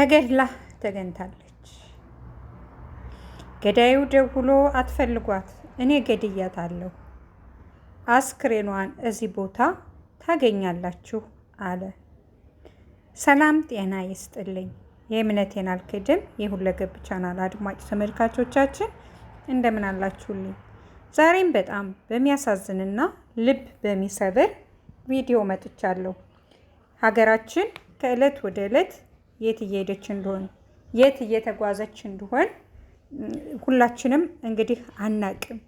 ተገድላ ተገኝታለች። ገዳዩ ደውሎ አትፈልጓት፣ እኔ ገድያታለሁ፣ አስክሬኗን እዚህ ቦታ ታገኛላችሁ አለ። ሰላም ጤና ይስጥልኝ። የእምነቴን አልክድም የሁለገብ ቻናል አድማጭ ተመልካቾቻችን እንደምን አላችሁልኝ? ዛሬም በጣም በሚያሳዝንና ልብ በሚሰብር ቪዲዮ መጥቻለሁ። ሀገራችን ከእለት ወደ ዕለት የት እየሄደች እንደሆን የት እየተጓዘች እንደሆን ሁላችንም እንግዲህ አናቅም።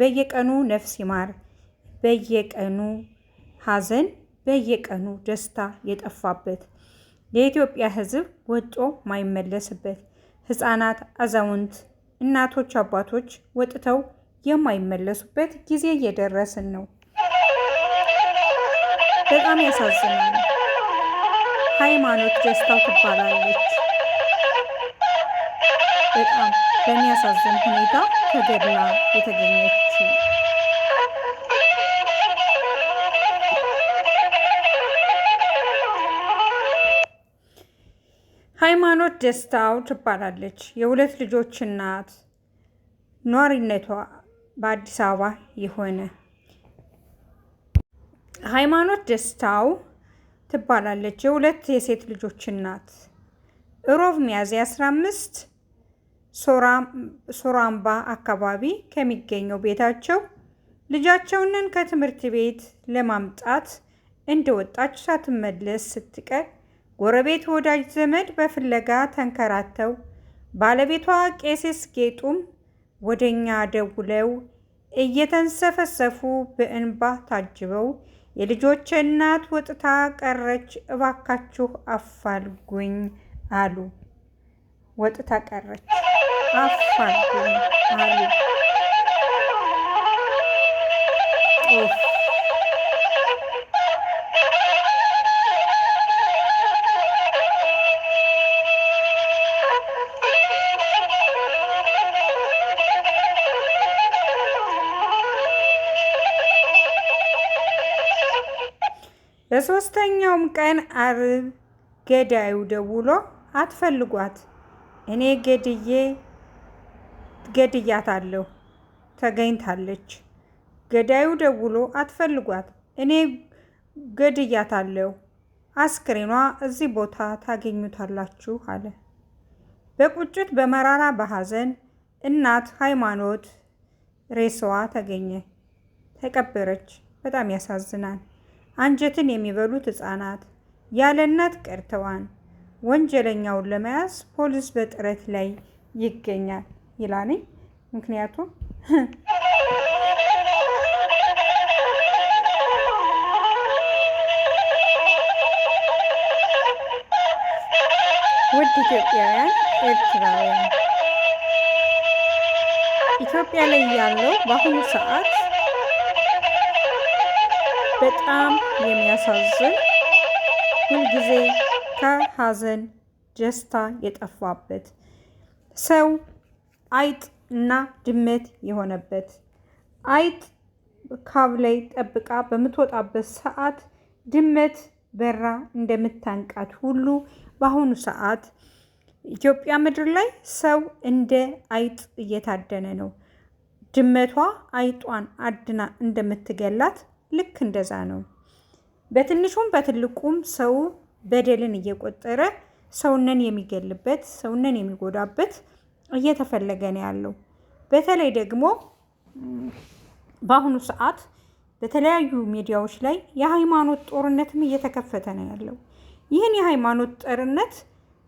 በየቀኑ ነፍስ ይማር፣ በየቀኑ ሀዘን በየቀኑ ደስታ የጠፋበት የኢትዮጵያ ሕዝብ ወጦ ማይመለስበት ህፃናት አዛውንት፣ እናቶች፣ አባቶች ወጥተው የማይመለሱበት ጊዜ እየደረስን ነው። በጣም ያሳዝናል። ሃይማኖት ደስታው ትባላለች። በጣም በሚያሳዝን ሁኔታ ከገላ የተገኘች ሃይማኖት ደስታው ትባላለች። የሁለት ልጆች እናት ኗሪነቷ በአዲስ አበባ የሆነ ሃይማኖት ደስታው ትባላለች። የሁለት የሴት ልጆች እናት። እሮብ ሚያዝያ 15 ሶራምባ አካባቢ ከሚገኘው ቤታቸው ልጃቸውን ከትምህርት ቤት ለማምጣት እንደወጣች ሳትመለስ ስትቀር ጎረቤት፣ ወዳጅ ዘመድ በፍለጋ ተንከራተው ባለቤቷ ቄሴስ ጌጡም ወደኛ ደውለው እየተንሰፈሰፉ በእንባ ታጅበው የልጆች እናት ወጥታ ቀረች፣ እባካችሁ አፋልጉኝ አሉ። ወጥታ ቀረች፣ አፋልጉኝ አሉ። በሶስተኛውም ቀን አርብ ገዳዩ ደውሎ አትፈልጓት፣ እኔ ገድዬ ገድያታለሁ፣ ተገኝታለች። ገዳዩ ደውሎ አትፈልጓት፣ እኔ ገድያታለሁ፣ አስክሬኗ እዚህ ቦታ ታገኙታላችሁ አለ። በቁጭት በመራራ በሐዘን እናት ሃይማኖት ሬሳዋ ተገኘ፣ ተቀበረች። በጣም ያሳዝናል። አንጀትን የሚበሉት ህጻናት ያለ እናት ቀርተዋን ወንጀለኛውን ለመያዝ ፖሊስ በጥረት ላይ ይገኛል ይላኔ ምክንያቱም ውድ ኢትዮጵያውያን፣ ኤርትራውያን ኢትዮጵያ ላይ ያለው በአሁኑ ሰዓት በጣም የሚያሳዝን ሁልጊዜ ከሀዘን ጀስታ የጠፋበት ሰው አይጥ እና ድመት የሆነበት አይጥ ካብ ላይ ጠብቃ በምትወጣበት ሰዓት ድመት በራ እንደምታንቃት ሁሉ በአሁኑ ሰዓት ኢትዮጵያ ምድር ላይ ሰው እንደ አይጥ እየታደነ ነው። ድመቷ አይጧን አድና እንደምትገላት ልክ እንደዛ ነው። በትንሹም በትልቁም ሰው በደልን እየቆጠረ ሰውነን የሚገልበት ሰውነን የሚጎዳበት እየተፈለገ ነው ያለው። በተለይ ደግሞ በአሁኑ ሰዓት በተለያዩ ሚዲያዎች ላይ የሃይማኖት ጦርነትም እየተከፈተ ነው ያለው። ይህን የሃይማኖት ጦርነት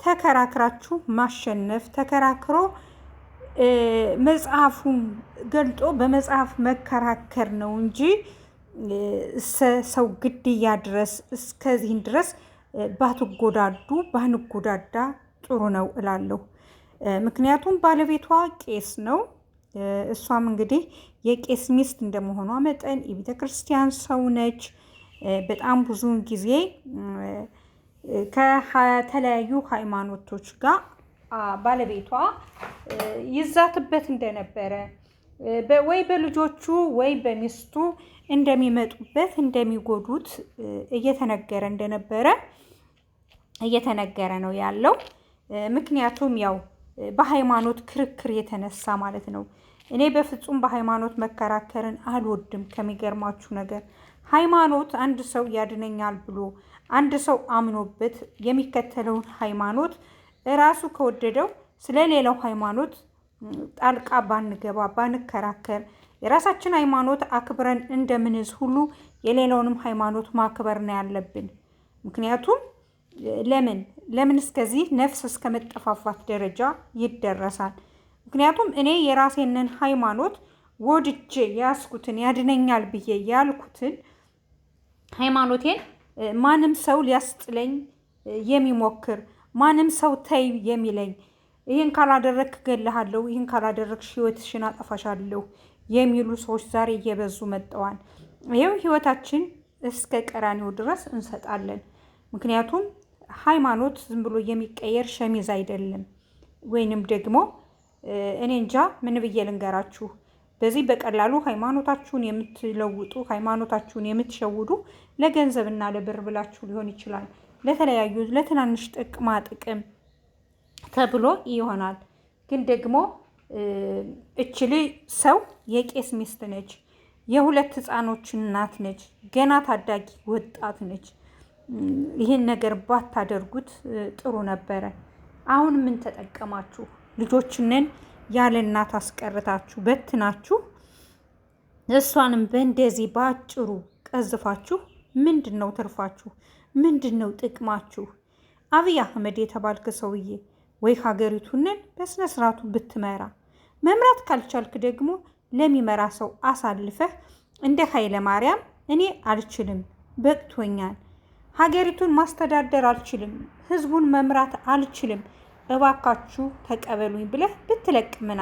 ተከራክራችሁ ማሸነፍ ተከራክሮ መጽሐፉን ገልጦ በመጽሐፍ መከራከር ነው እንጂ ሰው ግድያ ድረስ እስከዚህን ድረስ ባትጎዳዱ ባንጎዳዳ ጥሩ ነው እላለሁ። ምክንያቱም ባለቤቷ ቄስ ነው። እሷም እንግዲህ የቄስ ሚስት እንደመሆኗ መጠን የቤተ ክርስቲያን ሰው ነች። በጣም ብዙውን ጊዜ ከተለያዩ ሃይማኖቶች ጋር ባለቤቷ ይዛትበት እንደነበረ ወይ በልጆቹ ወይ በሚስቱ እንደሚመጡበት እንደሚጎዱት እየተነገረ እንደነበረ እየተነገረ ነው ያለው። ምክንያቱም ያው በሃይማኖት ክርክር የተነሳ ማለት ነው። እኔ በፍጹም በሃይማኖት መከራከርን አልወድም። ከሚገርማችሁ ነገር ሃይማኖት አንድ ሰው ያድነኛል ብሎ አንድ ሰው አምኖበት የሚከተለውን ሃይማኖት እራሱ ከወደደው ስለሌላው ሃይማኖት ጣልቃ ባንገባ ባንከራከር የራሳችን ሃይማኖት አክብረን እንደምንዝ ሁሉ የሌላውንም ሃይማኖት ማክበር ነው ያለብን። ምክንያቱም ለምን ለምን እስከዚህ ነፍስ እስከ መጠፋፋት ደረጃ ይደረሳል? ምክንያቱም እኔ የራሴንን ሃይማኖት ወድጄ ያስኩትን ያድነኛል ብዬ ያልኩትን ሃይማኖቴን ማንም ሰው ሊያስጥለኝ የሚሞክር ማንም ሰው ተይ የሚለኝ ይህን ካላደረግክ እገልሃለሁ፣ ይህን ካላደረግሽ ህይወትሽን አጠፋሻለሁ የሚሉ ሰዎች ዛሬ እየበዙ መጠዋል። ይሄው ህይወታችን እስከ ቀራኔው ድረስ እንሰጣለን። ምክንያቱም ሃይማኖት ዝም ብሎ የሚቀየር ሸሚዝ አይደለም። ወይንም ደግሞ እኔ እንጃ ምን ብዬ ልንገራችሁ። በዚህ በቀላሉ ሃይማኖታችሁን የምትለውጡ ሃይማኖታችሁን የምትሸውዱ ለገንዘብና ለብር ብላችሁ ሊሆን ይችላል፣ ለተለያዩ ለትናንሽ ጥቅማ ጥቅም ተብሎ ይሆናል። ግን ደግሞ እችሊ ሰው የቄስ ሚስት ነች። የሁለት ህፃኖች እናት ነች። ገና ታዳጊ ወጣት ነች። ይህን ነገር ባታደርጉት ጥሩ ነበረ። አሁን ምን ተጠቀማችሁ? ልጆችንን ያለ እናት አስቀርታችሁ በትናችሁ፣ እሷንም በእንደዚህ በአጭሩ ቀዝፋችሁ ምንድን ነው ትርፋችሁ? ምንድን ነው ጥቅማችሁ? አብይ አህመድ የተባልክ ሰውዬ ወይ ሀገሪቱንን በስነ ስርዓቱ ብትመራ፣ መምራት ካልቻልክ ደግሞ ለሚመራ ሰው አሳልፈህ እንደ ኃይለ ማርያም እኔ አልችልም፣ በቅቶኛል፣ ሀገሪቱን ማስተዳደር አልችልም፣ ህዝቡን መምራት አልችልም፣ እባካችሁ ተቀበሉኝ ብለህ ብትለቅ ምን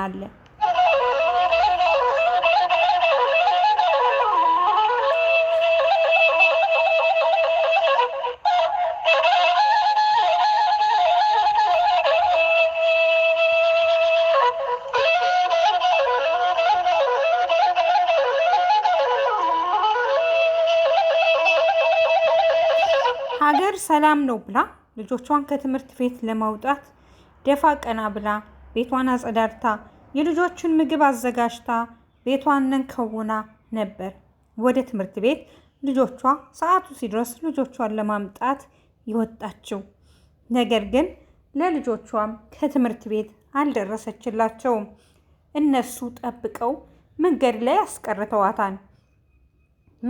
ሰላም ነው ብላ ልጆቿን ከትምህርት ቤት ለማውጣት ደፋ ቀና ብላ ቤቷን አጸዳርታ የልጆቹን ምግብ አዘጋጅታ ቤቷንን ከውና ነበር። ወደ ትምህርት ቤት ልጆቿ ሰዓቱ ሲደርስ ልጆቿን ለማምጣት የወጣችው። ነገር ግን ለልጆቿም ከትምህርት ቤት አልደረሰችላቸውም። እነሱ ጠብቀው መንገድ ላይ አስቀርተዋታል።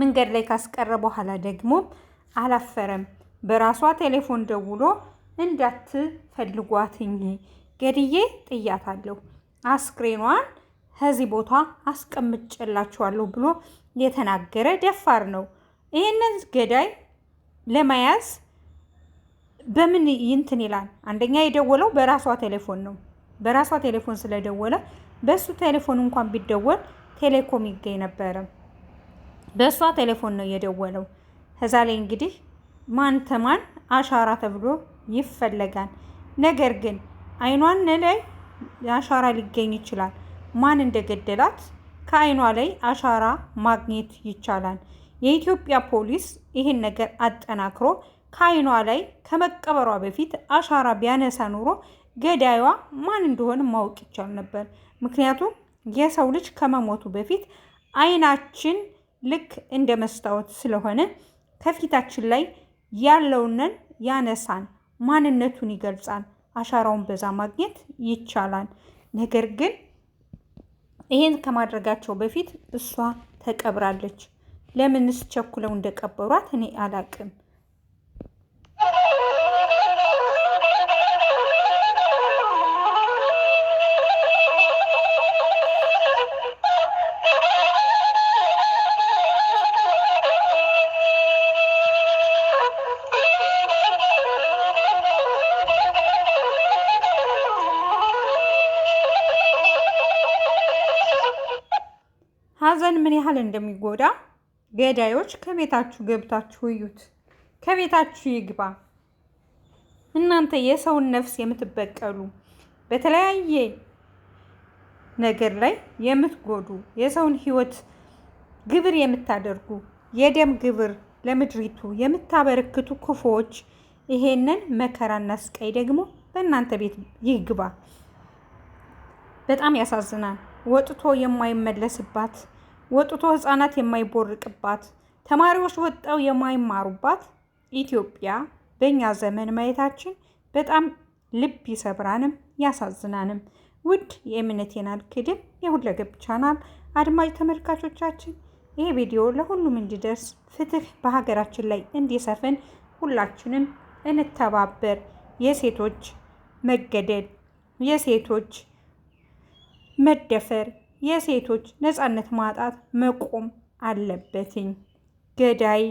መንገድ ላይ ካስቀረ በኋላ ደግሞ አላፈረም። በራሷ ቴሌፎን ደውሎ እንዳትፈልጓትኝ ገድዬ ጥያታለሁ፣ አስክሬኗን ከዚህ ቦታ አስቀምጬላችኋለሁ ብሎ የተናገረ ደፋር ነው። ይህንን ገዳይ ለመያዝ በምን ይንትን ይላል? አንደኛ የደወለው በራሷ ቴሌፎን ነው። በራሷ ቴሌፎን ስለደወለ በእሱ ቴሌፎን እንኳን ቢደወል ቴሌኮም ይገኝ ነበረ። በእሷ ቴሌፎን ነው የደወለው። ከዛ ላይ እንግዲህ ማን ተማን አሻራ ተብሎ ይፈለጋል። ነገር ግን አይኗን ላይ አሻራ ሊገኝ ይችላል። ማን እንደገደላት ከአይኗ ላይ አሻራ ማግኘት ይቻላል። የኢትዮጵያ ፖሊስ ይህን ነገር አጠናክሮ ከአይኗ ላይ ከመቀበሯ በፊት አሻራ ቢያነሳ ኑሮ ገዳይዋ ማን እንደሆነ ማወቅ ይቻል ነበር። ምክንያቱም የሰው ልጅ ከመሞቱ በፊት አይናችን ልክ እንደ መስታወት ስለሆነ ከፊታችን ላይ ያለውንን ያነሳን ማንነቱን ይገልጻል። አሻራውን በዛ ማግኘት ይቻላል። ነገር ግን ይህን ከማድረጋቸው በፊት እሷ ተቀብራለች። ለምንስ ቸኩለው እንደቀበሯት እኔ አላቅም። ምን ያህል እንደሚጎዳ ገዳዮች ከቤታችሁ ገብታችሁ እዩት። ከቤታችሁ ይግባ። እናንተ የሰውን ነፍስ የምትበቀሉ በተለያየ ነገር ላይ የምትጎዱ የሰውን ሕይወት ግብር የምታደርጉ የደም ግብር ለምድሪቱ የምታበረክቱ ክፉዎች ይሄንን መከራና ስቃይ ደግሞ በእናንተ ቤት ይግባ። በጣም ያሳዝናል። ወጥቶ የማይመለስባት ወጥቶ ህጻናት የማይቦርቅባት ተማሪዎች ወጥተው የማይማሩባት ኢትዮጵያ በእኛ ዘመን ማየታችን በጣም ልብ ይሰብራንም ያሳዝናንም። ውድ የእምነቴን አልክድም የሁለገብ ቻናል አድማጭ ተመልካቾቻችን ይህ ቪዲዮ ለሁሉም እንዲደርስ ፍትህ በሀገራችን ላይ እንዲሰፍን ሁላችንም እንተባበር። የሴቶች መገደል፣ የሴቶች መደፈር የሴቶች ነፃነት ማጣት መቆም አለበትኝ ገዳይ